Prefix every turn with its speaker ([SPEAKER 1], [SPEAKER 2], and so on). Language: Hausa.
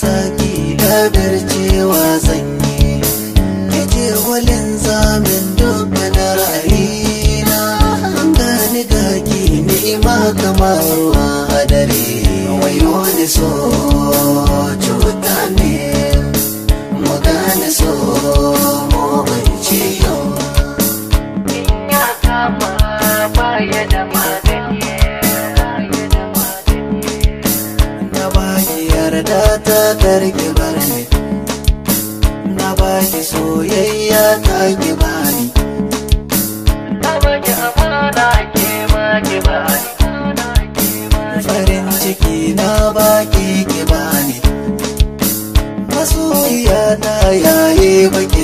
[SPEAKER 1] saki dadar cewa zanyi Yace gwalin zamin dubban ra'ayina Gani gaki ni'ima kamar wa hadari wai wani so cuta ne ta karki na baki soyayya ta ki bani na baki amana ke ma ki bani farin ciki na baki ki bani masoyiya ta yaye baki